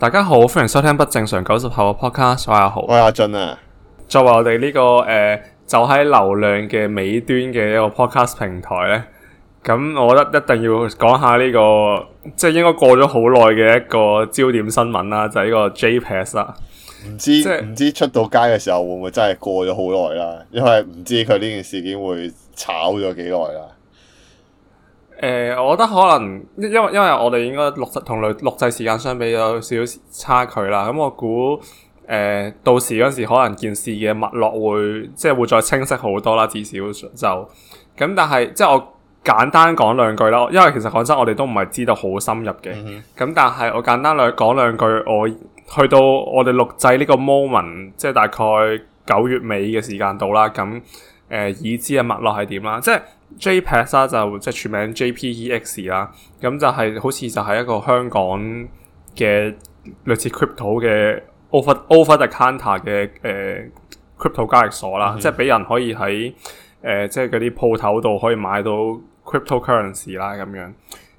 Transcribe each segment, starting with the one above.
大家好，歡迎收聽不正常九十後嘅 podcast。我係阿豪，我係阿俊啊。作為我哋呢、這個誒、呃，就喺流量嘅尾端嘅一個 podcast 平台咧，咁我覺得一定要講下呢、這個，即係應該過咗好耐嘅一個焦點新聞啦，就係、是、呢個 JPEX 啦。唔知唔、就是、知出到街嘅時候會唔會真係過咗好耐啦？因為唔知佢呢件事件會炒咗幾耐啦。誒、呃，我覺得可能，因為因為我哋應該錄實同錄錄製時間相比有少少差距啦。咁、嗯、我估誒、呃，到時嗰時可能件事嘅脈絡會，即係會再清晰好多啦。至少就咁、嗯，但係即係我簡單講兩句咯。因為其實講真，我哋都唔係知道好深入嘅。咁、mm hmm. 嗯、但係我簡單嚟講兩句，我去到我哋錄製呢個 moment，即係大概九月尾嘅時間到啦。咁、嗯、誒，已、嗯、知嘅脈絡係點啦，即係。JPEX、啊就是、x 啦，就即係全名 JPEX 啦，咁就係好似就係一個香港嘅類似 crypto 嘅 over over the counter 嘅誒、呃、crypto 交易所啦，mm hmm. 即係俾人可以喺誒、呃、即係嗰啲鋪頭度可以買到 crypto currency 啦咁樣，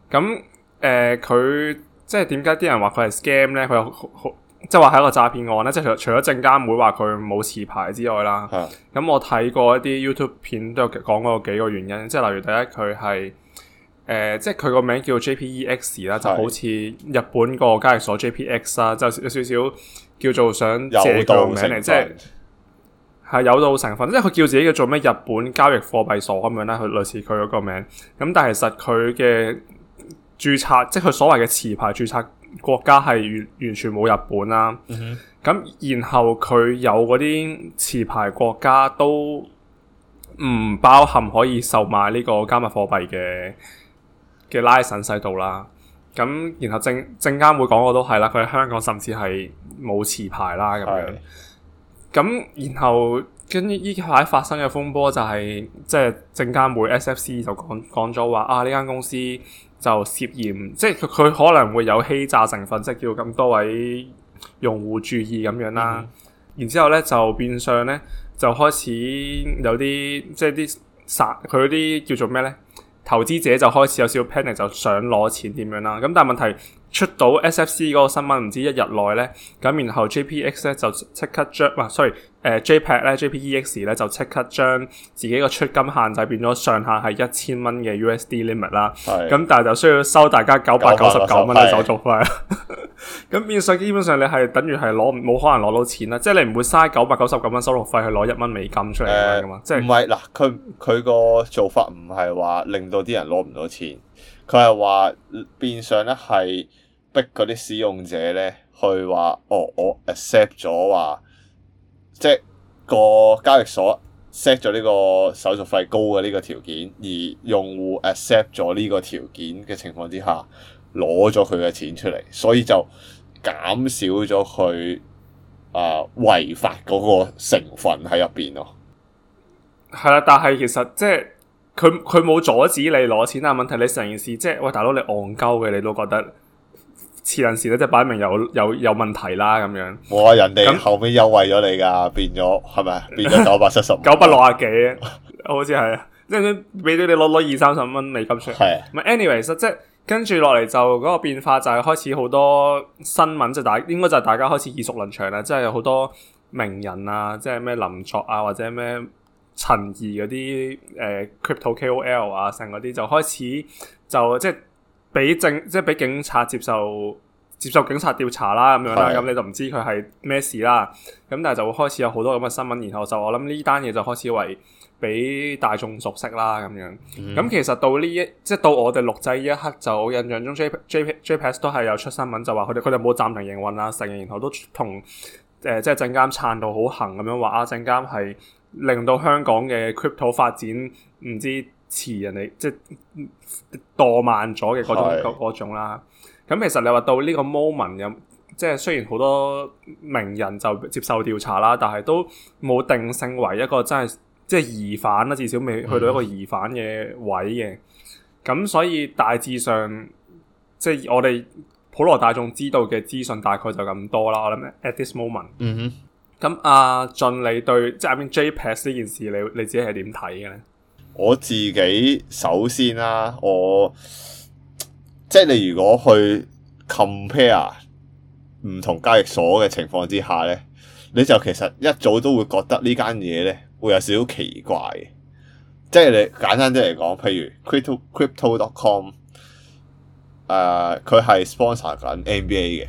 咁誒佢即係點解啲人話佢係 scam 咧？佢有好好。即係話係一個詐騙案咧，即係除除咗證監會話佢冇持牌之外啦，咁我睇過一啲 YouTube 片都有講過幾個原因，即係例如第一佢係誒，即係佢個名叫 JPEX 啦，就好似日本個交易所 JPX 啦，就有少少叫做想借到名嚟，即係係有到成分，即係佢叫自己叫做咩日本交易貨幣所咁樣啦，佢類似佢嗰個名，咁但係其實佢嘅注冊，即係佢所謂嘅持牌注冊。國家係完完全冇日本啦，咁、嗯、哼然後佢有嗰啲持牌國家都唔包含可以售賣呢個加密貨幣嘅嘅 license 制度啦。咁然後證證監會講嘅都係啦，佢喺香港甚至係冇持牌啦咁樣。咁的然後跟呢呢排發生嘅風波就係、是，即係證監會 SFC 就講講咗話啊呢間公司。就涉嫌，即係佢可能會有欺詐成分，即係叫咁多位用戶注意咁樣啦、啊。嗯、然之後咧就變相咧就開始有啲即係啲殺佢啲叫做咩咧？投資者就開始有少少 panic，就想攞錢點樣啦、啊。咁但係問題。出到 SFC 嗰個新聞，唔知一日內咧，咁然後 JPX 咧就即刻將，唔、啊、sorry 誒、呃、JPX 咧 JPEX 咧就即刻將自己個出金限制變咗上限係一千蚊嘅 USD limit 啦。咁是但係就需要收大家九百九十九蚊嘅手續費。咁 變相基本上你係等於係攞冇可能攞到錢啦，即係你唔會嘥九百九十九蚊手續費去攞一蚊美金出嚟嘅嘛。呃、即係唔係嗱？佢佢個做法唔係話令到啲人攞唔到錢，佢係話變相咧係。逼嗰啲使用者咧，去話哦，我 accept 咗話，即係個交易所 set 咗呢個手續費高嘅呢個條件，而用戶 accept 咗呢個條件嘅情況之下，攞咗佢嘅錢出嚟，所以就減少咗佢啊違法嗰個成分喺入邊咯。係啦、啊，但係其實即係佢佢冇阻止你攞錢，但係問題你成件事即係喂，大佬你戇鳩嘅，你都覺得。似陣時咧，即係擺明有有有問題啦咁樣。冇啊、哦，人哋後尾優惠咗你噶那，變咗係咪？變咗九百七十，九百六啊幾？好似係， 即係俾到你攞攞二三十蚊美金出。係是。唔 a n y w a y s Anyways, 即係跟住落嚟就嗰、那個變化就係開始好多新聞，即係大應該就係大家開始耳熟能詳啦。即係好多名人啊，即係咩林作啊，或者咩陳怡嗰啲誒、呃、crypto K O L 啊，成嗰啲就開始就，就即係。俾政即係俾警察接受接受警察調查啦咁樣啦，咁是你就唔知佢係咩事啦，咁但係就會開始有好多咁嘅新聞，然後就我諗呢單嘢就開始為俾大眾熟悉啦咁樣。咁、嗯、其實到呢一即係到我哋錄製呢一刻，就印象中 J J J, JPEX 都係有出新聞，就話佢哋佢哋冇暫停營運啊成日，然後都同誒、呃、即係證監撐到好行。咁樣話啊，證監係令到香港嘅 crypto 發展唔知。似人哋即係墮慢咗嘅嗰種啦，咁是其實你話到呢個 moment，即係雖然好多名人就接受調查啦，但係都冇定性為一個真係即係疑犯啦，至少未去到一個疑犯嘅位嘅。咁、嗯、所以大致上，即係我哋普羅大眾知道嘅資訊大概就咁多啦。我諗咩？At this moment，咁阿俊，你、啊、對即係阿 I mean, JPEX 呢件事，你你自己係點睇嘅咧？我自己首先啦、啊，我即係你如果去 compare 唔同交易所嘅情況之下咧，你就其實一早都會覺得呢間嘢咧會有少少奇怪嘅。即係你簡單啲嚟講，譬如 cry o, Crypto Crypto dot com，誒、呃，佢係 sponsor 緊 NBA 嘅，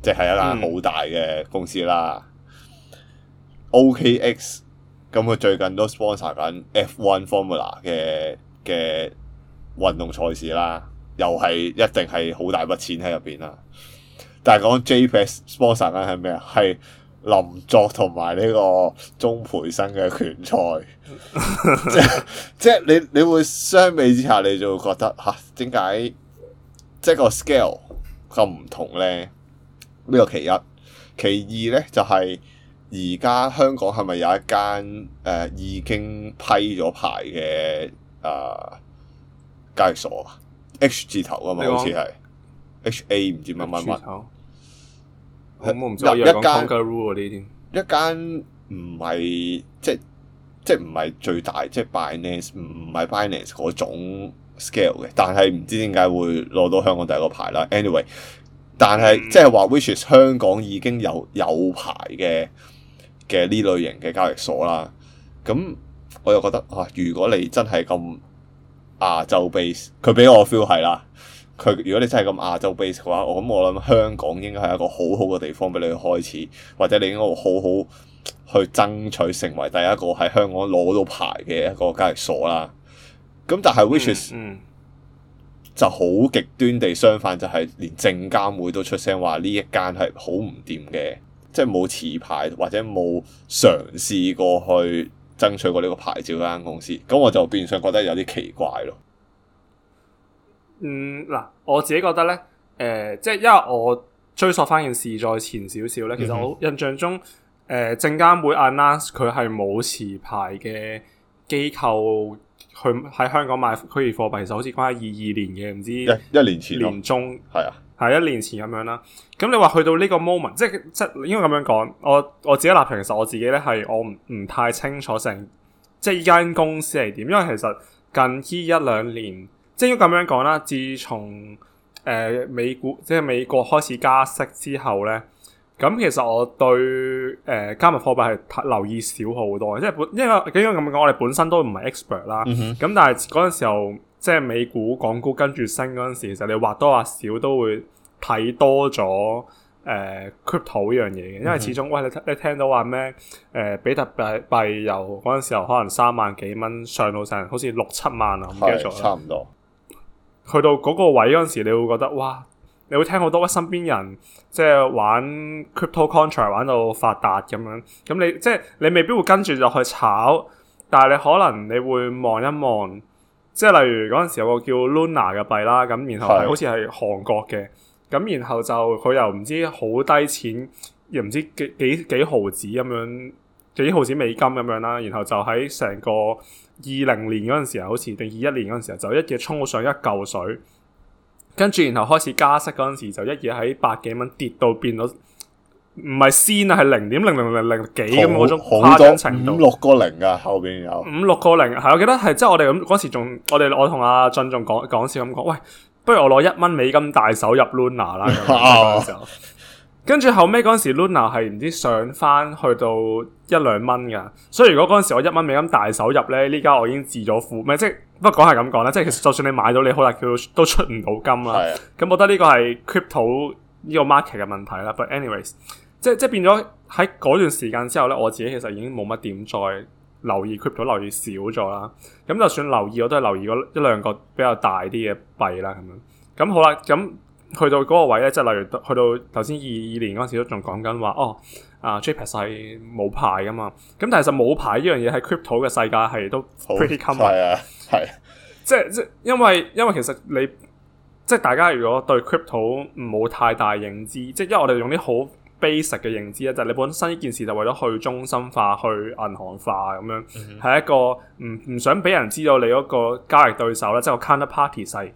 即、就、係、是、一間好大嘅公司啦。OKX、嗯。OK x, 咁佢最近都 sponsor 緊 F1 Formula 嘅嘅運動賽事啦，又係一定係好大筆錢喺入邊啦。但係講 JPEX sponsor 緊係咩啊？係林作同埋呢個鍾培生嘅拳賽， 即係即係你你會相比之下，你就會覺得吓點解即係個 scale 咁唔同咧？呢、這個其一，其二咧就係、是。而家香港係咪有一間誒已經批咗牌嘅啊交易所啊？H 字頭啊嘛，好似係 H A 唔知乜乜乜。有一間，一間唔係即即唔係最大，即 Binance 唔係 Binance 嗰種 scale 嘅，但係唔知點解會攞到香港第一個牌啦。Anyway，但係即係話，which is 香港已經有有牌嘅。嘅呢類型嘅交易所啦，咁我又覺得啊，如果你真係咁亞洲 base，佢俾我 feel 係啦。佢如果你真係咁亞洲 base 嘅話，我諗我諗香港應該係一個好好嘅地方俾你開始，或者你應該好好去爭取成為第一個喺香港攞到牌嘅一個交易所啦。咁但係、嗯、which is、嗯、就好極端地相反，就係連證監會都出聲話呢一間係好唔掂嘅。即係冇持牌或者冇嘗試過去爭取過呢個牌照間公司，咁我就變相覺得有啲奇怪咯。嗯，嗱，我自己覺得咧，誒、呃，即係因為我追溯翻件事再前少少咧，其實我印象中，誒、嗯哼，證、呃、監會 announce 佢係冇持牌嘅機構去喺香港買虛擬貨幣，就好似講下二二年嘅，唔知一,一年前年中係啊。係一年前咁樣啦，咁你話去到呢個 moment，即係即係，應該咁樣講，我我自己立場，其實我自己咧係我唔唔太清楚成，即係呢間公司係點，因為其實近依一兩年，即係應該咁樣講啦。自從誒、呃、美股即係美國開始加息之後咧，咁其實我對誒、呃、加密貨幣係留意少好多即，因為本因為應該咁樣講，我哋本身都唔係 expert 啦。嗯哼。咁但係嗰陣時候。即係美股、港股跟住升嗰陣時，其實你或多或少都會睇多咗誒 crypto 呢樣嘢嘅，因為始終，嗯、哼喂，你你聽到話咩誒比特幣幣由嗰陣時候可能三萬幾蚊上到成好似六七萬啊，唔是記得咗。差唔多。去到嗰個位嗰陣時，你會覺得哇！你會聽好多，身邊人即係玩 cryptocurrency 玩到發達咁樣，咁你即係你未必會跟住就去炒，但係你可能你會望一望。即係例如嗰陣時有個叫 Luna 嘅幣啦，咁然後好似係韓國嘅，咁的然後就佢又唔知好低錢，又唔知幾幾幾毫子咁樣，幾毫子美金咁樣啦，然後就喺成個二零年嗰陣時啊，好似定二一年嗰陣時啊，就一夜衝咗上一嚿水，跟住然後開始加息嗰陣時，就一夜喺百幾蚊跌到變到。唔係先啊，係零點零零零零幾咁嗰種誇張程度，五六個零噶後邊有五六個零，係我記得係即係我哋咁嗰時仲，我哋我同阿、啊、俊仲講講笑咁講，喂，不如我攞一蚊美金大手入 Luna 啦 跟住後尾嗰時 Luna 係唔知上翻去到一兩蚊噶，所以如果嗰時我一蚊美金大手入咧，呢家我已經自咗負咩，即係不過講係咁講啦，即係其實就算你買到你好大叫都出唔到金啦，咁我覺得呢個係 crypto 呢個 market 嘅問題啦，but anyways。即係即係變咗喺嗰段時間之後咧，我自己其實已經冇乜點再留意 crypto，留意少咗啦。咁就算留意，我都係留意一兩個比較大啲嘅幣啦。咁樣咁好啦。咁去到嗰個位咧，即係例如去到頭先二二年嗰陣時都仲講緊話哦，啊 JPEX 係冇牌噶嘛。咁但係實冇牌呢樣嘢喺 crypto 嘅世界係都 pretty common。好，係啊，係。 即係即因為因為其實你即係大家如果對 crypto 冇太大認知，即係因為我哋用啲好。basic 嘅認知咧，就係、是、你本身呢件事就為咗去中心化、去銀行化咁樣，係、mm hmm. 一個唔唔想俾人知道你嗰個交易對手咧，即、就、係、是、個 counterparty 係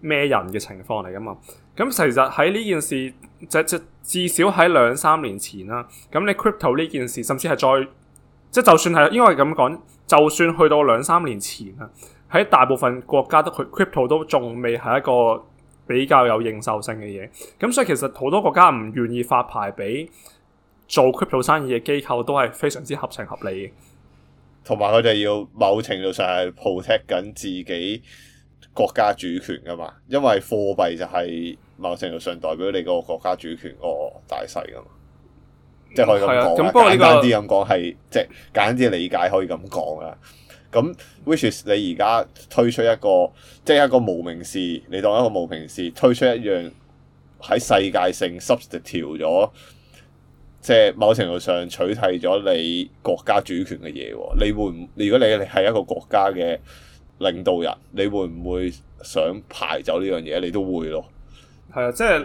咩人嘅情況嚟噶嘛？咁其實喺呢件事，即即至少喺兩三年前啦，咁你 crypto 呢件事，甚至係再即、就是、就算係，因為咁講，就算去到兩三年前啦，喺大部分國家都去 crypto 都仲未係一個比較有認受性嘅嘢，咁所以其實好多國家唔願意發牌俾做 crypto 生意嘅機構，都係非常之合情合理嘅。同埋佢哋要某程度上係 protect 緊自己國家主權噶嘛，因為貨幣就係某程度上代表你個國家主權個大勢噶嘛，即係可以咁講啦。但不過呢啲⋯簡單啲咁講係，即係簡單理解可以咁講啊。咁，which is 你而家推出一個，即係一個無名氏，你當一個無名氏推出一樣喺世界性 substitute 咗，即係某程度上取締咗你國家主權嘅嘢。你會唔？如果你係一個國家嘅領導人，你會唔會想排走呢樣嘢？你都會咯。係啊，即係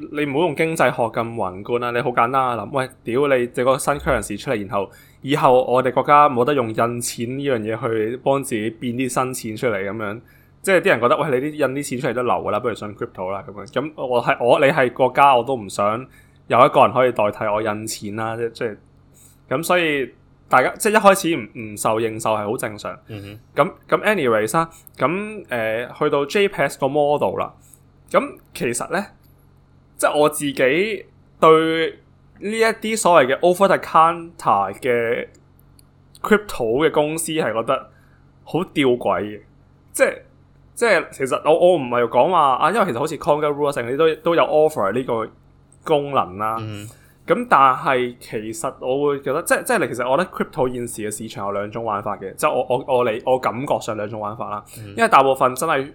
你你唔好用經濟學咁宏觀啊！你好簡單啊，諗喂，屌你借個新 currency 出嚟，然後。以後我哋國家冇得用印錢呢樣嘢去幫自己變啲新錢出嚟咁樣，即係啲人覺得，喂，你啲印啲錢出嚟都流噶啦，不如上 Crypto 啦咁樣。咁我係我，你係國家，我都唔想有一個人可以代替我印錢啦，即係咁。即所以大家即係一開始唔唔受認受係好正常。咁咁 anyways 啦，咁誒、啊呃、去到 JPEX 個 model 啦，咁其實咧，即係我自己對。呢一啲所謂嘅 over the counter 嘅 crypto 嘅公司係覺得好吊詭嘅，即係即係其實我我唔係講話啊，因為其實好似 contract rules 性嗰啲都都有 offer 呢個功能啦、啊。咁、嗯嗯、但係其實我會覺得即係即係其實我覺得 crypto 現時嘅市場有兩種玩法嘅，即係我我我嚟我感覺上兩種玩法啦。嗯、因為大部分真係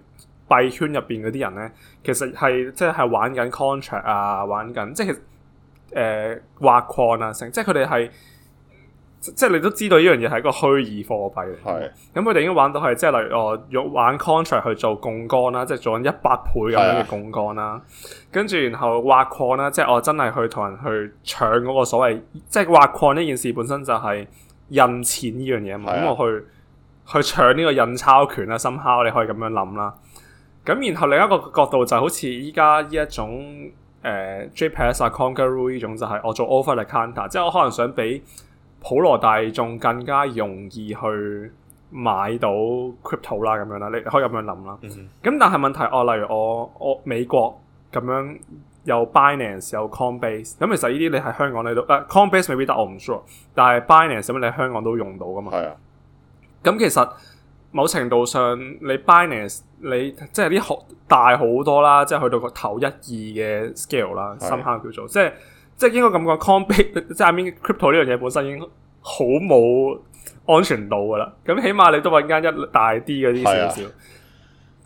幣圈入邊嗰啲人咧，其實係即係玩緊 contract 啊，玩緊即係。誒挖、呃、礦啊，成即係佢哋係即係你都知道呢樣嘢係一個虛擬貨幣嚟。咁的，佢哋、嗯、已經玩到係即係例如我玩 contract 去做槓桿啦，即係做緊一百倍咁樣嘅槓桿啦。的跟住然後挖礦啦，即係我真係去同人去搶嗰個所謂，即係挖礦呢件事本身就係印錢呢樣嘢啊嘛。咁的、嗯、我去去搶呢個印鈔權啦，somehow 你可以咁樣諗啦。咁然後另一個角度就係好似依家呢一種。誒 JPS 啊 c o n q e r o r 種就係我做 Overly Counter，即係我可能想比普羅大眾更加容易去買到 crypto 啦咁樣啦，你可以咁樣諗啦。咁、mm hmm. 嗯、但係問題，我、哦、例如我我美國咁樣有 Binance 有 Coinbase，咁、嗯、其實呢啲你喺香港你都誒 Coinbase 未必得，呃、that, 我唔 sure，但係 Binance 咁你喺香港都用到噶嘛？係啊，咁、嗯、其實。某程度上你你，你 Binance 你即係啲學大好多啦，即係去到個頭一二嘅 scale 啦，是的 深刻叫做即係即係應該咁講 Coinbase 即係 I mean crypto 呢樣嘢本身已經好冇安全度噶啦。咁起碼你都揾間一大啲嗰啲少少。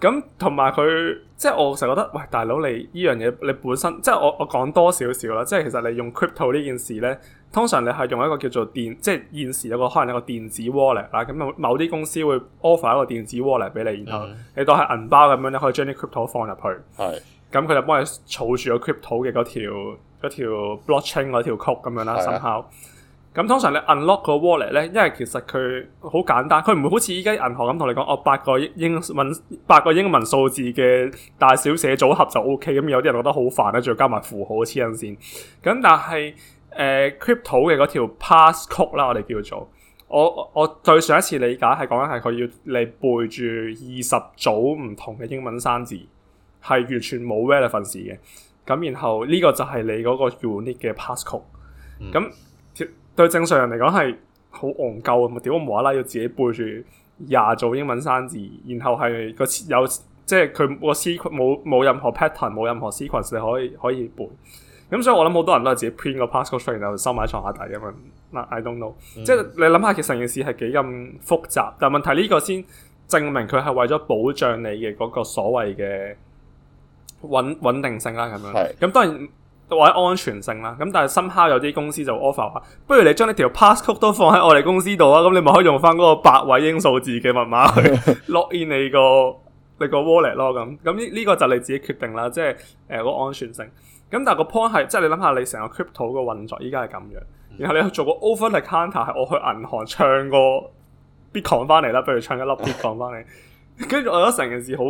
咁同埋佢即係我成日覺得，喂大佬你呢樣嘢你本身即係我我講多少少啦，即係其實你用 crypto 呢件事咧。通常你係用一個叫做電，即係現時有一個可能有個電子 wallet 啦，咁某啲公司會 offer 一個電子 wallet 俾、嗯嗯 er、wall 你，然後你當係銀包咁樣，你可以將啲 crypto 放入去。係是，咁佢就幫你儲住個 crypto 嘅嗰條嗰條 blockchain 嗰條曲咁樣啦，生效、啊。咁、嗯、通常你 unlock 個 wallet 咧，因為其實佢好簡單，佢唔會好似依家銀行咁同你講，我、哦、八個英文八個英文數字嘅大小寫組合就 OK，咁有啲人覺得好煩仲要加埋符號黐緊線。咁但係。誒 crypto 嘅嗰條 passcode 啦，我哋叫做我我對上一次理解係講緊係佢要你背住二十組唔同嘅英文生字，係完全冇 relevance 嘅。咁然後呢個就係你嗰個 unique 嘅 passcode 咁、嗯、對正常人嚟講係好憨鳩啊！屌我無啦啦要自己背住廿組英文生字，然後係個有即係佢個 C 冇冇任何 pattern，冇任何 sequence 你可以可以背。咁、嗯、所以我諗好多人都係自己 print 個 passcode 出嚟，然後收埋喺床下底咁樣。但 I don't know，、嗯、即係你諗下，其實件事係幾咁複雜。但係問題呢個先證明佢係為咗保障你嘅嗰個所謂嘅穩穩定性啦，咁樣。咁是、嗯、當然或者安全性啦。咁但係 somehow 有啲公司就 offer 話，不如你將呢條 passcode 都放喺我哋公司度啊，咁你咪可以用翻嗰個八位英數字嘅密碼去 lock in 你個你個 wallet 咯。咁咁呢呢個就你自己決定啦。即係誒、呃那個安全性。咁但係個 point 係，即係你諗下，你成個 crypto 嘅運作依家係咁樣，然後你去做個 open account 係我去銀行唱個 bitcoin 翻嚟啦，不如唱一粒 bitcoin 翻嚟，跟住 我覺得成件事好，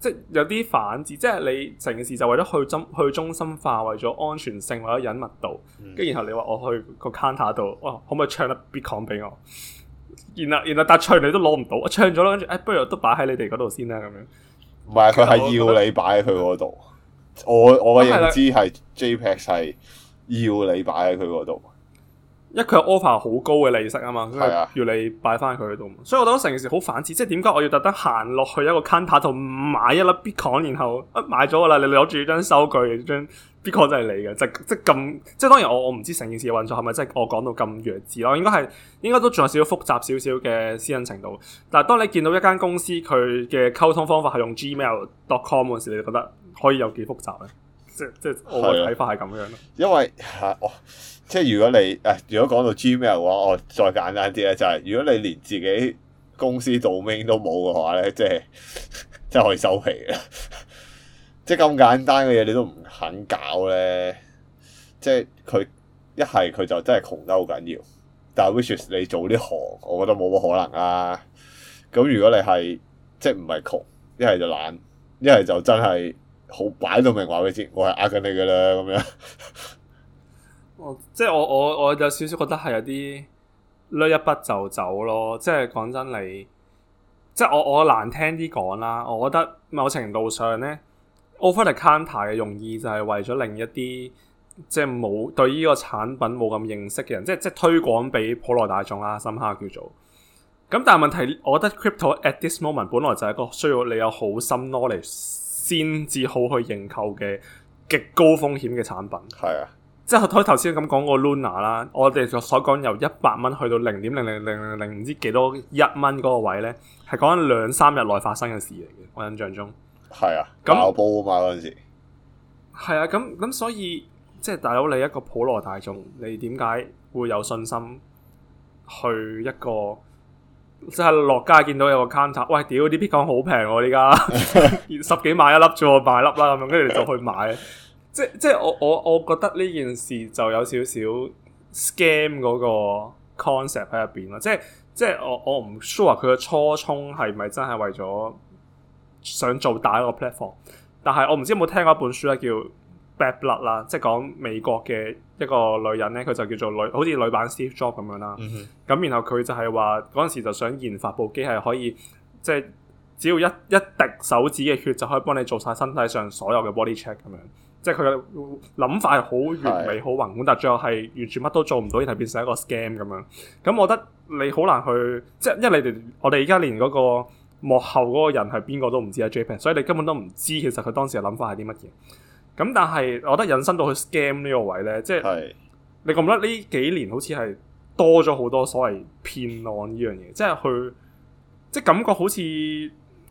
即係有啲反智，即係你成件事就為咗去中去中心化，為咗安全性，為咗隱密度，跟住然後你話我去個 counter 度，哇，可唔可以唱粒 bitcoin 俾我？然後然後但係你都攞唔到，我唱咗啦，跟住誒，不如都擺喺你哋嗰度先啦，咁樣。唔係，佢係要你擺去嗰度。嗯 我我嘅是認知係 JPEX 係要你擺喺佢嗰度，一佢 offer 好高嘅利息啊嘛，是啊要你擺翻喺佢嗰度。所以我覺得成件事好反智，即係點解我要特登行落去一個 counter 度買一粒 bitcoin，然後、啊、買咗噶啦，你攞住張收據，張 bitcoin 就係你嘅，就即係咁。即係當然我我唔知成件事嘅運作係咪即係我講到咁弱智咯，應該係應該都仲有少少複雜少少嘅私隱程度。但係當你見到一間公司佢嘅溝通方法係用 gmail.com 嗰時，你就覺得。可以有幾複雜咧？即即我嘅睇法係咁樣咯。因為嚇我、哦、即係如果你誒、呃，如果講到 Gmail 嘅話，我再簡單啲咧，就係、是、如果你連自己公司 domain 都冇嘅話咧，即係真係可以收皮喇。 即咁簡單嘅嘢你都唔肯搞咧，即係佢一係佢就真係窮得好緊要。但係 which is 你做啲行，我覺得冇乜可能啦、啊。咁如果你係即係唔係窮，一係就懶，一係就真係。好擺到明話俾你知，我係呃緊你噶啦。咁樣 哦。即係我我我有少少覺得係有啲掠一筆就走咯。即係講真，你即係我我難聽啲講啦。我覺得某程度上咧，over the counter 嘅用意就係為咗令一啲即係冇對呢個產品冇咁認識嘅人，即係即係推廣俾普羅大眾啦。深刻叫做咁，但係問題，我覺得 crypto at this moment 本來就係一個需要你有好深 knowledge。先至好去認購嘅極高風險嘅產品，係啊，即係佢頭先咁講個 Luna 啦，una，我哋所講由一百蚊去到零點零零零零零唔知幾多一蚊嗰個位咧，係講緊兩三日內發生嘅事嚟嘅，我印象中係啊，咁爆煲啊嘛嗰陣時，係啊，咁咁所以即係大佬你一個普羅大眾，你點解會有信心去一個？即係落街見到有個 counter，喂，屌啲 Bitcoin 好平喎！依家、啊、 十幾萬一粒，我買一粒，做埋粒啦咁樣，跟住就去買。即即我我我覺得呢件事就有少少 scam 嗰個 concept 喺入邊咯。即即我我唔 sure 佢嘅初衷係咪真係為咗想做大一個 platform？但係我唔知有冇聽過一本書咧叫？Bad Blood 啦，即係講美國嘅一個女人咧，佢就叫做女，好似女版 Steve Jobs 咁樣啦。咁、mm hmm. 然後佢就係話嗰陣時就想研發部機係可以，即係只要一一滴手指嘅血就可以幫你做晒身體上所有嘅 Body Check 咁樣。即係佢嘅諗法係好完美、好宏觀，但係最後係完全乜都做唔到，然係變成一個 Scam 咁樣。咁我覺得你好難去，即係因為你哋我哋而家連嗰個幕後嗰個人係邊個都唔知啊。JPEX 所以你根本都唔知其實佢當時嘅諗法係啲乜嘢。咁但係，我覺得引申到去 scam 呢個位咧，即、就、係、是、是你覺唔覺得呢幾年好似係多咗好多所謂騙案呢樣嘢？即係去，即、就、係、是、感覺好似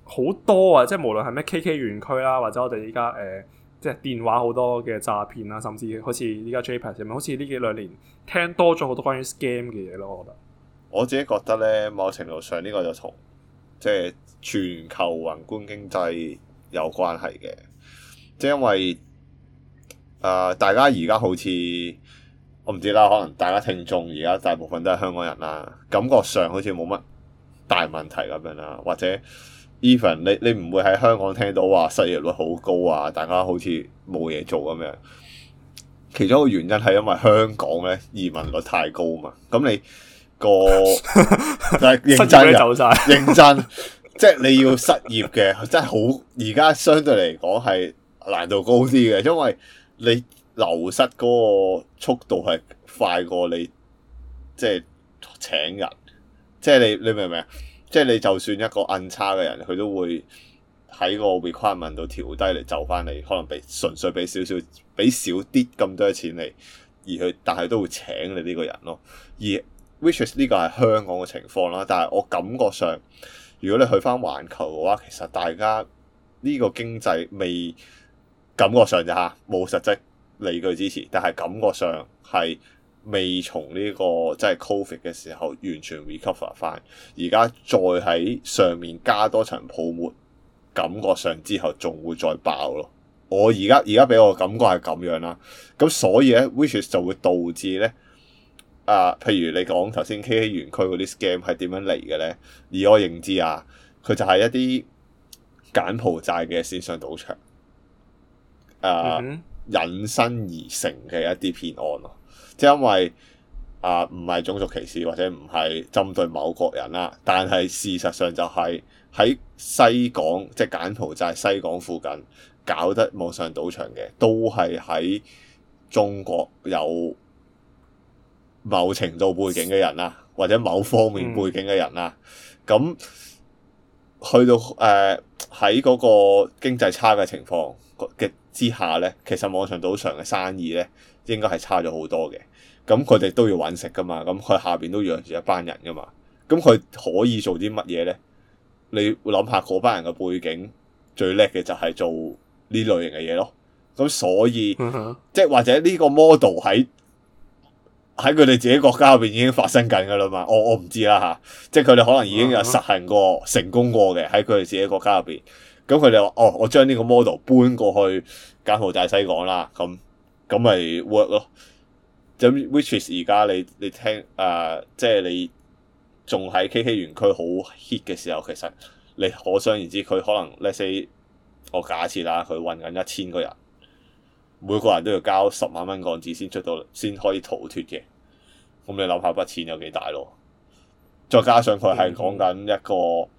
好多啊！即、就、係、是、無論係咩 KK 園區啦、啊，或者我哋依家誒，即、呃、係、就是、電話好多嘅詐騙啦、啊，甚至好似依家 JPEX 咁好似呢幾兩年聽多咗好多關於 scam 嘅嘢咯。我覺得我自己覺得咧，某程度上呢個就同即係全球宏觀經濟有關係嘅，即、就、係、是、因為。啊！大家而家好似我唔知啦，可能大家聽眾而家大部分都係香港人啦，感覺上好似冇乜大問題咁樣啦。或者 even 你你唔會喺香港聽到話失業率好高啊，大家好似冇嘢做咁樣。其中一個原因係因為香港呢移民率太高嘛，咁你、嗰個失業嘅都走曬， 認真即係、就是、你要失業嘅真係好，而家相對嚟講係難度高啲嘅，因為。你流失嗰個速度係快過你，即係請人，即係你你明唔明啊？即係你就算一個暗差嘅人，佢都會喺個 requirement 度調低嚟就返你，可能俾純粹俾少少，俾少啲咁多錢你，而去但係都會請你呢個人咯。而 which is 呢個係香港嘅情況啦，但係我感覺上，如果你去返環球嘅話，其實大家呢個經濟未。感覺上就嚇，冇實質理據支持，但係感覺上係未從呢、這個即係 Covid 嘅時候完全 recover 翻，而家再喺上面加多層泡沫，感覺上之後仲會再爆咯。我而家而家俾我感覺係咁樣啦，咁所以咧，which is 就會導致咧，啊，譬如你講頭先 KK 園區嗰啲 scam 係點樣嚟嘅咧？而我認知啊，佢就係一啲柬埔寨嘅線上賭場。啊！引申而成嘅一啲騙案咯，即係因為啊，唔係種族歧視或者唔係針對某國人啦，但係事實上就係、是、喺西港，即係柬埔寨西港附近搞得網上賭場嘅，都係喺中國有某程度背景嘅人啦，或者某方面背景嘅人啦，咁、嗯、去到誒喺嗰個經濟差嘅情況。嘅。之下咧，其實網上賭場嘅生意咧，應該係差咗好多嘅。咁佢哋都要揾食噶嘛，咁佢下邊都養住一班人噶嘛。咁佢可以做啲乜嘢咧？你諗下嗰班人嘅背景，最叻嘅就係做呢類型嘅嘢咯。咁所以，嗯、哼即係或者呢個 model 喺喺佢哋自己國家入邊已經發生緊噶啦嘛。我我唔知啦嚇，即係佢哋可能已經有實行過、嗯、哼成功過嘅喺佢哋自己國家入邊。咁佢哋話：哦，我將呢個 model 搬過去柬埔寨西港啦，咁咁咪 work 咯。咁，which is 而家你你聽，誒、呃，即係你仲喺 KK 園區好 hit 嘅時候，其實你可想而知，佢可能 let's say，我假設啦，佢運緊一千個人，每個人都要交十萬蚊港紙先出到，先可以逃脫嘅。咁、嗯嗯、你諗下筆錢有幾大咯？再加上佢係講緊一個，嗯、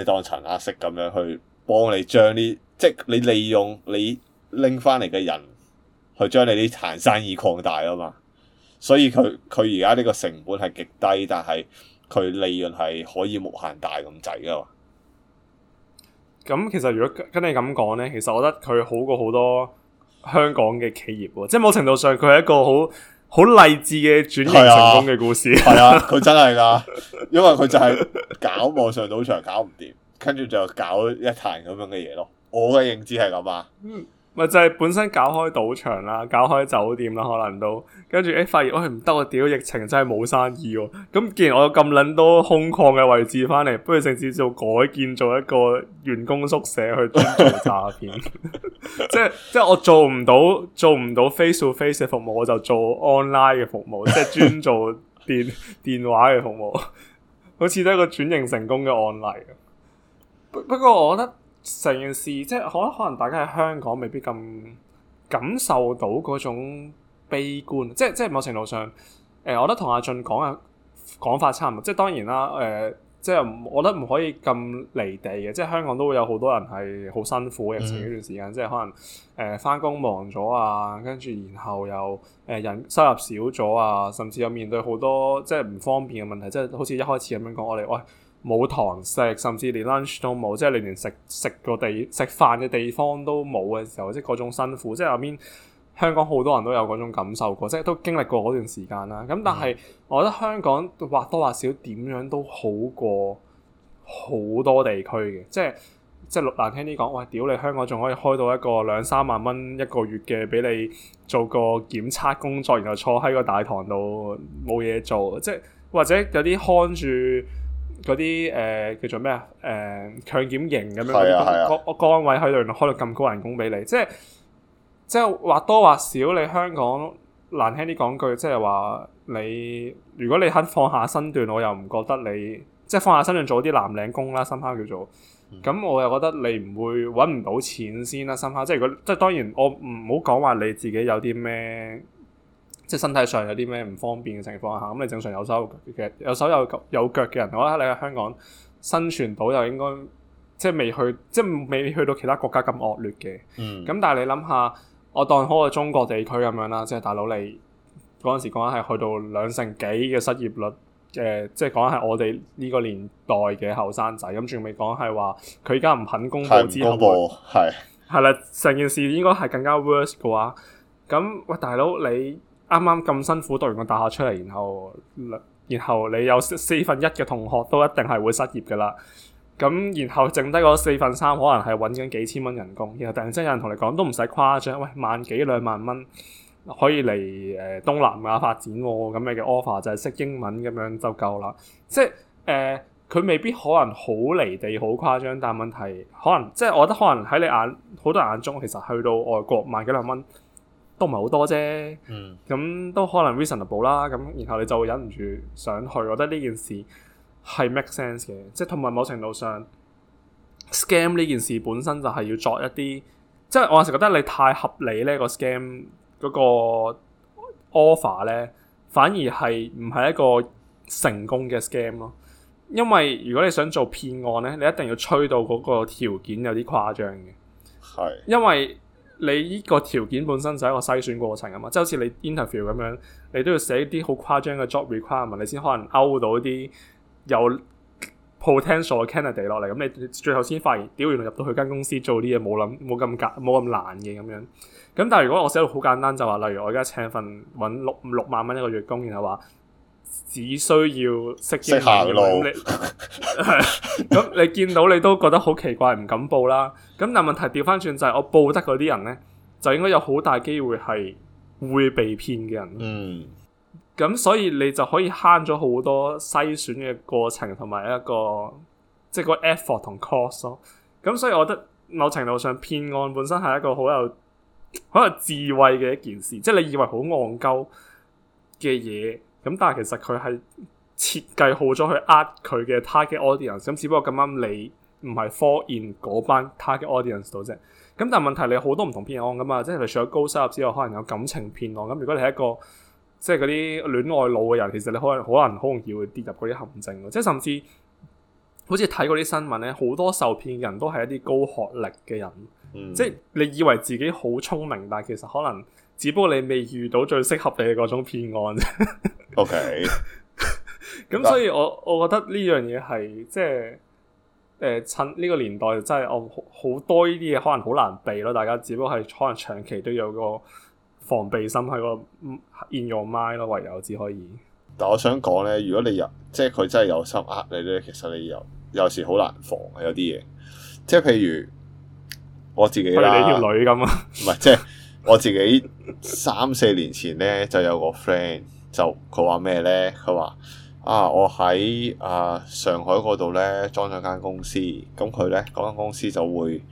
你當層壓式咁樣去。幫你將呢，即係你利用你拎翻嚟嘅人，去將你啲談生意擴大啊嘛，所以佢佢而家呢個成本係極低，但係佢利潤係可以無限大咁滯㗎嘛。咁其實如果你跟你咁講咧，其實我覺得佢好過好多香港嘅企業喎，即係某程度上佢係一個好好勵志嘅轉型成功嘅故事。係啊，佢、 啊、真係噶，因為佢就係搞網上賭場搞唔掂。跟住就搞一壇咁樣嘅嘢咯，我嘅認知係咁啊，咪、嗯、就係、是、本身搞開賭場啦，搞開酒店啦，可能都跟住誒，發現、哎、我係唔得啊！屌，疫情真係冇生意喎、喔。咁、嗯、既然我有咁捻多空曠嘅位置翻嚟，不如甚至做改建，做一個員工宿舍去專做詐騙。 即係即係我做唔到，做唔到 face to face 嘅服務，我就做 online 嘅服務，即係專做電 電話嘅服務。好似都係一個轉型成功嘅案例。不不過，我覺得成件事即係可可能大家喺香港未必咁感受到嗰種悲觀，即係即係某程度上，誒、呃，我覺得同阿俊講嘅講法差唔多。即係當然啦，誒、呃，即係我覺得唔可以咁離地嘅，即係香港都會有好多人係好辛苦嘅疫情呢段時間，即係可能誒翻工忙咗啊，跟住然後又誒、呃、人收入少咗啊，甚至又面對好多即係唔方便嘅問題，即係好似一開始咁樣講，我哋喂。哎冇堂食，甚至連 lunch 都冇，即係你連食食個地食飯嘅地方都冇嘅時候，即係嗰種辛苦，即係入邊香港好多人都有嗰種感受過，即係都經歷過嗰段時間啦。咁但係我覺得香港或多或少點樣都好過好多地區嘅，即係即係難聽啲講，哇！屌你香港仲可以開到一個兩三萬蚊一個月嘅，俾你做個檢測工作，然後坐喺個大堂度冇嘢做，即係或者有啲看住。嗰啲誒叫做咩、呃、啊？誒強檢型咁樣，啊、崗位喺度開到咁高人工俾你，即係即係或多或少，你香港難聽啲講句，即係話你如果你肯放下身段，我又唔覺得你即係放下身段做啲藍領工啦，深刻叫做，咁、嗯、我又覺得你唔會揾唔到錢先啦，深刻，即係如果即係當然，我唔好講話你自己有啲咩。即係身體上有啲咩唔方便嘅情況下，咁、嗯、你正常有手嘅、有手有，有腳嘅人，我覺得你喺香港生存到又應該，即係未去，即係未去到其他國家咁惡劣嘅。咁、嗯、但係你諗下，我當好嘅中國地區咁樣啦，即係大佬你嗰陣時講係去到兩成幾嘅失業率，誒、呃，即係講係我哋呢個年代嘅後生仔，咁仲未講係話佢而家唔肯公佈之後，係係啦，成 件事應該係更加 worse 嘅話，咁、嗯、喂，大佬你？啱啱咁辛苦讀完個大學出嚟，然後，然後你有四分一嘅同學都一定係會失業㗎喇。咁，然後剩低嗰四分三可能係揾緊幾千蚊人工，然後突然之間有人同你講都唔使誇張，喂，萬幾兩萬蚊可以嚟誒、呃、東南亞發展咁、哦、你嘅 offer 就係識英文咁樣就夠啦。即係誒，佢、呃、未必可能好離地好誇張，但問題可能即係我覺得可能喺你眼好多人眼中，其實去到外國萬幾兩蚊。都唔係好多啫，咁、嗯、都可能 reasonable 啦。咁然後你就會忍唔住想去，我覺得呢件事係 make sense 嘅，即係同埋某程度上 scam 呢件事本身就係要作一啲，即係我有時覺得你太合理呢、呢個 scam 嗰個 offer 咧，反而係唔係一個成功嘅 scam 咯？因為如果你想做騙案咧，你一定要吹到嗰個條件有啲誇張嘅，係是的 因為。你依個條件本身就係一個篩選過程啊嘛，即係好似你 interview 咁樣，你都要寫啲好誇張嘅 job requirement，你先可能勾到啲有 potential 嘅 candidate 落嚟，咁你最後先發現，屌原來入到去間公司做啲嘢冇諗冇咁冇咁難嘅咁樣。咁但係如果我寫到好簡單，就話，例如我而家請份揾六六萬蚊一個月工，然後話。只需要識下嘅咯，咁你見到你都覺得好奇怪，唔敢報啦。咁但問題調翻轉就係，我報得嗰啲人咧，就應該有好大機會係會被騙嘅人。嗯，咁所以你就可以慳咗好多篩選嘅過程同埋一個即係個 effort 同 cost 咯。咁所以我覺得某程度上騙案本身係一個好有好有智慧嘅一件事，即係你以為好戇鳩嘅嘢。咁但係其實佢係設計好咗去呃佢嘅 target audience，咁只不過咁啱你唔係科研嗰班 target audience 度啫。咁但係問題你好多唔同騙案㗎嘛，即係你除咗高收入之外，可能有感情騙案。咁如果你係一個即係嗰啲戀愛腦嘅人，其實你可能可能可能好容易會跌入嗰啲陷阱。即係甚至好似睇過啲新聞咧，好多受騙人都係一啲高學歷嘅人，嗯、即係你以為自己好聰明，但係其實可能只不過你未遇到最適合你嘅嗰種騙案啫。 OK，咁 所以我 我覺得呢樣嘢係即係誒，趁呢個年代真係我好多呢啲嘢，可能好難避咯。大家只不過係可能長期都有個防備心喺個應用麥咯，唯有只可以。但我想講咧，如果你有即係佢真係有心呃你咧，其實你有有時好難防嘅有啲嘢，即係譬如我自己呢，你條女咁啊不，唔係即係我自己三四年前咧就有個 friend。就佢話咩咧？佢話啊，我喺啊上海嗰度咧裝咗間公司，咁佢咧嗰間公司就會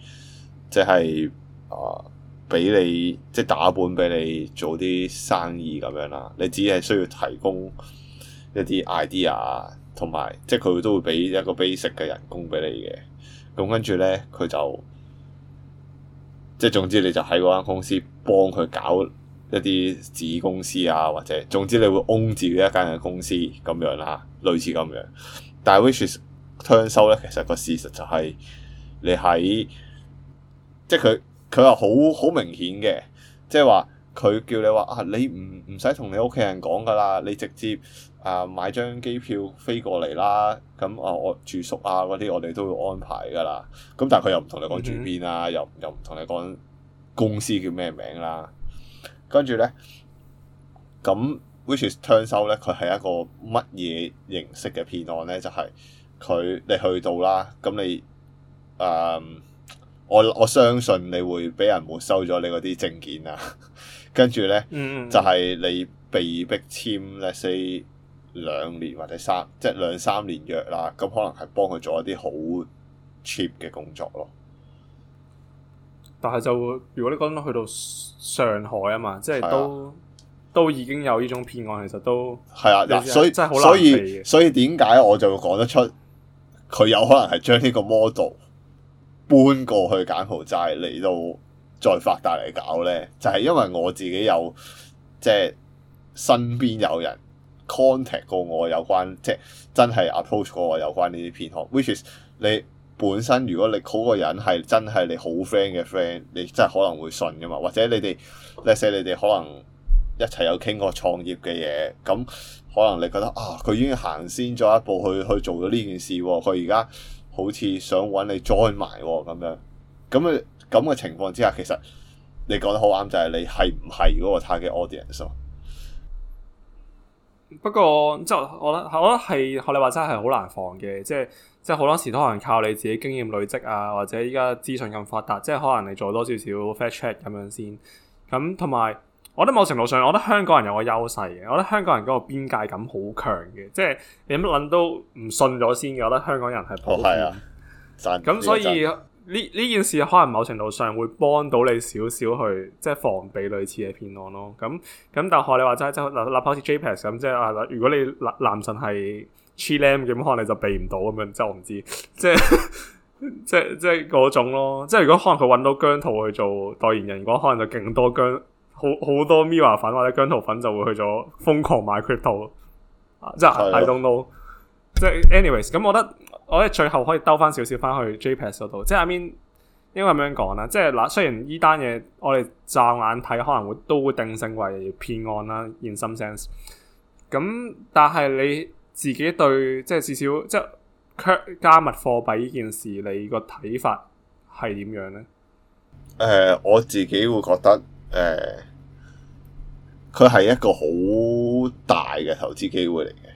即係啊俾你即打本俾你做啲生意咁樣啦。你只係需要提供一啲 idea，同埋即佢都會俾一個 basic 嘅人工俾你嘅。咁跟住咧，佢就即總之你就喺嗰間公司幫佢搞。一啲子公司啊，或者總之你會 own 自己一間嘅公司咁樣啦、啊，類似咁樣。但 which is turn 手咧，其實個事實就係你喺即係佢佢又好好明顯嘅，即係話佢叫你話啊，你唔唔使同你屋企人講噶啦，你直接啊買張機票飛過嚟啦。咁啊我住宿啊嗰啲我哋都會安排噶啦。咁但係佢又唔同你講住邊啦、啊 mm hmm.，又又唔同你講公司叫咩名啦、啊。跟住咧，咁 which is turn 收咧，佢係一個乜嘢形式嘅騙案咧？就係、係、佢你去到啦，咁你誒，um, 我我相信你會俾人沒收咗你嗰啲證件啊。 跟住咧呢，嗯嗯就係你被逼簽，let's say 兩年或者三，即、就、兩、係、三年約啦。咁可能係幫佢做一啲好 cheap 嘅工作咯。但係就會，如果你講到去到上海啊嘛，即係都、啊、都已經有呢種騙案，其實都係啊，所以真係好難避嘅。所以點解我就會講得出佢有可能係將呢個 model 搬過去柬埔寨嚟到再發達嚟搞咧？就係、是、因為我自己有即係、就是、身邊有人 contact 過我有關，即、就、係、是、真係 approach 過我有關呢啲騙案 which is 你。本身如果你嗰個人係真係你好 friend 嘅 friend，你真係可能會信噶嘛？或者你哋 let's say 你哋可能一齊有傾過創業嘅嘢，咁可能你覺得啊，佢已經行先咗一步去去做咗呢件事喎，佢而家好似想揾你 join 埋喎咁樣，咁嘅咁嘅情況之下，其實你講得好啱，就係、是、你係唔係嗰個 target audience？不過，即我覺得，我覺得係學你話齋係好難防嘅，即即好多時都可能靠你自己經驗累積啊，或者依家資訊咁發達，即可能你做多少少 fact check 咁樣先。咁同埋，我覺得某程度上，我覺得香港人有個優勢嘅，我覺得香港人嗰個邊界感好強嘅，即你乜撚都唔信咗先嘅，我覺得香港人係普遍。好、哦、啊。咁那道所以。呢呢件事可能某程度上會幫到你少少去，即係防備類似嘅騙案咯。咁咁但係你話真係真嗱，立好似 JPEX 咁，即係嗱，如果你男男神係 Chelam 咁，可能你就避唔到咁樣。即係我唔知，即係即係即係嗰種咯。即係如果可能佢揾到姜濤去做代言人，如果可能就勁多姜好好多 Mirror 粉或者姜濤粉就會去咗瘋狂買 crypto。即係的 I don't know 即。即係 anyways，咁我覺得。我哋最後可以兜翻少少翻去 JPEX 嗰度，即係阿 I mean, 應該咁樣講啦，即係嗱，雖然依單嘢我哋乍眼睇可能會都會定性為騙案啦，in some sense。咁但係你自己對即係至少即係加密貨幣呢件事，你個睇法係點樣咧？誒、呃，我自己會覺得誒，佢、呃、係一個好大嘅投資機會嚟嘅。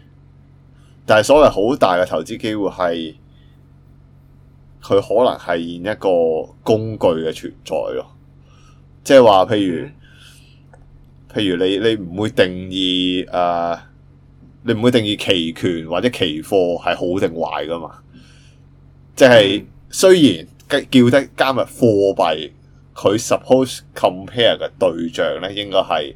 但係所謂好大嘅投資機會係，佢可能係現一個工具嘅存在咯。即係話，譬如譬如你你唔會定義誒、啊，你唔會定義期權或者期貨係好定壞噶嘛？即係雖然叫得加密貨幣，佢 suppose compare 嘅對象咧，應該係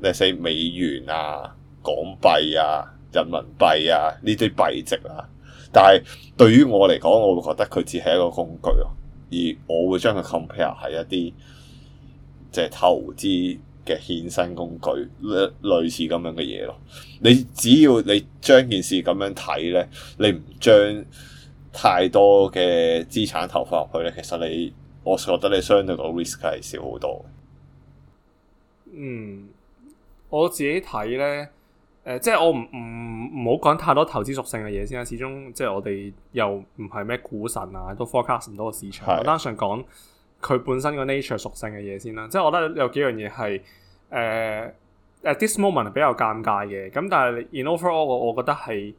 咩？四美元啊，港幣啊。人民幣啊，呢啲幣值啊，但係對於我嚟講，我會覺得佢只係一個工具咯，而我會將佢 compare 係一啲即係投資嘅衍生工具，類似咁樣嘅嘢咯。你只要你將件事咁樣睇咧，你唔將太多嘅資產投放入去咧，其實你，我覺得你相對個 risk 係少好多。嗯，我自己睇咧。誒、呃，即係我唔唔唔好講太多投資屬性嘅嘢先啦，始終即係我哋又唔係咩股神啊，都 forecast 唔到個市場。的我單純講佢本身個 nature 屬性嘅嘢先啦。即係我覺得有幾樣嘢係誒誒，this moment 係比較尷尬嘅。咁但係 in overall，我我覺得係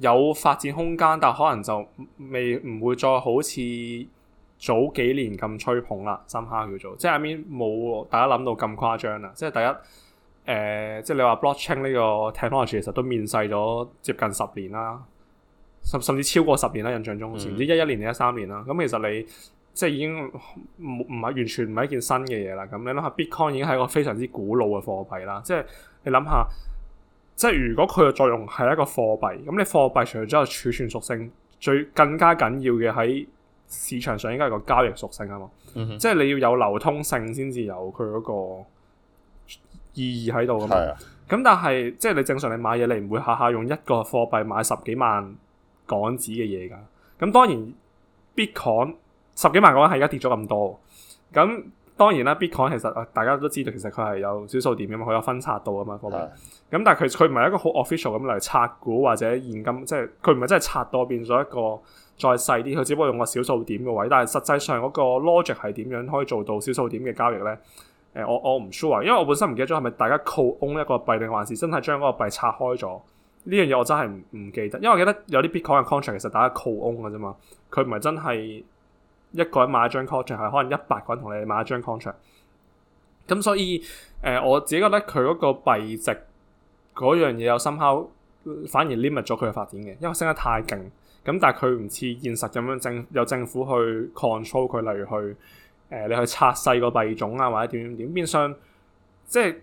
有發展空間，但可能就未唔會再好似早幾年咁吹捧啦，深刻叫做即係入面冇大家諗到咁誇張啦。即係第一。誒、呃，即係你話 blockchain 呢個 technology 其實都面世咗接近十年啦，甚甚至超過十年啦。印象中，唔知一一年定一三年啦。咁、嗯、其實你即係已經唔唔係完全唔係一件新嘅嘢啦。咁你諗下，Bitcoin 已經係一個非常之古老嘅貨幣啦。即係你諗下，即係如果佢嘅作用係一個貨幣，咁你貨幣除咗有儲存屬性，最更加緊要嘅喺市場上應該係個交易屬性啊嘛。即係、嗯、哼你要有流通性先至有佢嗰、嗰個。意義喺度啊嘛，咁、啊、但係即係你正常買你買嘢，你唔會下下用一個貨幣買十幾萬港紙嘅嘢㗎。咁當然 Bitcoin 十幾萬港蚊係而家跌咗咁多，咁當然啦 Bitcoin 其實大家都知道其實佢係有小數點㗎嘛，佢有分拆到啊嘛，貨幣。咁但係其實佢唔係一個好 official 咁嚟拆股或者現金，即係佢唔係真係拆到變咗一個再細啲，佢只不過用個小數點嘅位。但係實際上嗰個 logic 係點樣可以做到小數點嘅交易咧？誒我我唔 sure，因為我本身唔記得咗係咪大家 co-own 一個幣，定還是真係將嗰個幣拆開咗？呢樣嘢我真係唔記得，因為我記得有啲 Bitcoin contract 其實大家 co-own 嘅啫嘛，佢唔係真係一個人買一張 contract，係可能一百個人同你買一張 contract。咁所以誒、呃，我自己覺得佢嗰個幣值嗰樣嘢有深刻，somehow, 反而 limit 咗佢嘅發展嘅，因為升得太勁。咁但係佢唔似現實咁樣政有政府去 control 佢，例如去。誒、呃，你去拆細個幣種啊，或者點點點，變相即係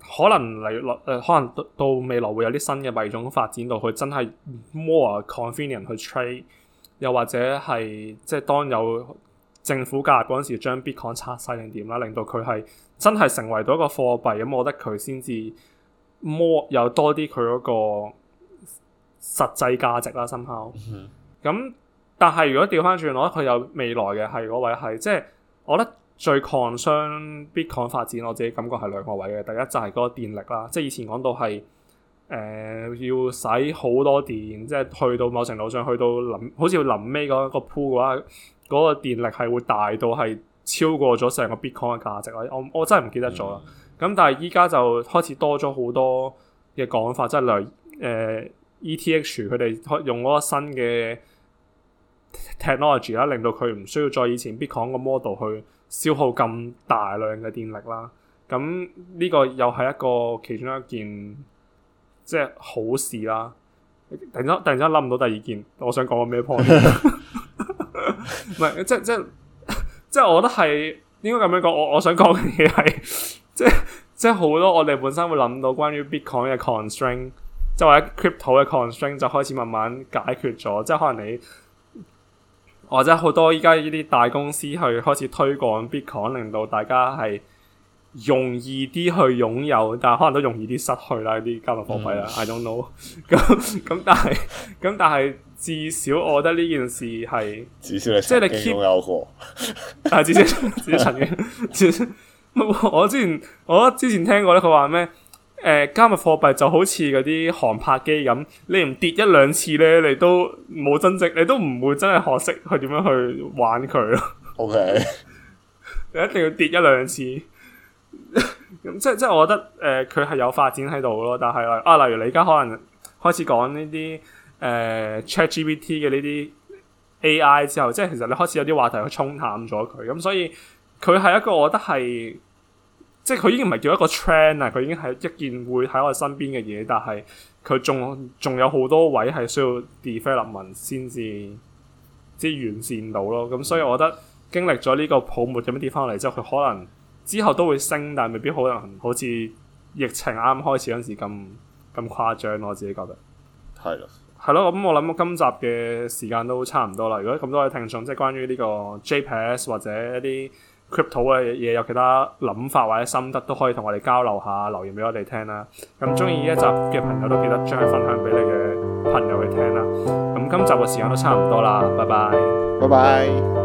可能嚟落、呃、可能到，到未來會有啲新嘅幣種發展到佢真係 more convenient 去 trade，又或者係即係當有政府介入嗰陣時，將 Bitcoin 拆細定點啦，令到佢係真係成為到一個貨幣，咁、嗯、我覺得佢先至 more 有多啲佢嗰個實際價值啦，參考。咁、mm hmm. 嗯、但係如果調翻轉，我覺得佢有未來嘅係嗰位係即係。我覺得最 concern Bitcoin 發展，我自己感覺係兩個位嘅。第一就係嗰個電力啦，即係以前講到係誒、呃、要使好多電，即係去到某程度上，去到臨好似臨尾嗰個鋪嘅話，嗰、那個電力係會大到係超過咗成個 Bitcoin 嘅價值啦。我我真係唔記得咗啦。咁、嗯、但係依家就開始多咗好多嘅講法，即係例如誒、呃、ETH 佢哋用嗰個新嘅。technology 啦，令到佢唔需要再以前 Bitcoin 個 model 去消耗咁大量嘅電力啦。咁呢個又係一個其中一件，即係好事啦。突然間，突然間諗唔到第二件，我 我我，我想講個咩 point？唔係，即即即係我覺得係應該咁樣講。我我想講嘅嘢係，即即好多我哋本身會諗到關於 Bitcoin 嘅 constraint，即係或者 crypto 嘅 constraint 就開始慢慢解決咗。即係可能你。或者好多依家呢啲大公司去開始推廣 Bitcoin，令到大家係容易啲去擁有，但係可能都容易啲失去啦呢啲加密貨幣啦。嗯、I don't know。 咁咁但係咁但係，至少我覺得呢件事係， 至少即係你 keep 到過至少至少曾經我之前我之前聽過咧，佢話咩？誒、呃、加密貨幣就好似嗰啲航拍機咁，你唔跌一兩次咧，你都冇增值，你都唔會真係學識去點樣去玩佢咯。OK， 你一定要跌一兩次咁、 嗯，即即我覺得誒，佢、呃、係有發展喺度咯。但係啊，例如你而家可能開始講呢啲誒 ChatGPT 嘅呢啲 AI 之後，即係其實你開始有啲話題去沖淡咗佢，咁、嗯、所以佢係一個我覺得係。即係佢已經唔係叫一個 trend 啦，佢已經係一件會喺我身邊嘅嘢，但係佢仲仲有好多位係需要 development 先至即係完善到咯。咁所以我覺得經歷咗呢個泡沫咁樣跌翻嚟之後，佢可能之後都會升，但係未必可能好似疫情啱開始嗰時咁咁誇張咯。我自己覺得係咯，係咯的。咁我諗我今集嘅時間都差唔多啦。如果咁多位聽眾即係關於呢個 JPS 或者一啲 Crypto 嘅嘢，有其他諗法或者心得都可以同我哋交流下，留言俾我哋聽啦。咁鍾意呢一集嘅朋友都記得將佢分享俾你嘅朋友去聽啦。咁今集嘅時間都差唔多啦，拜拜，拜拜。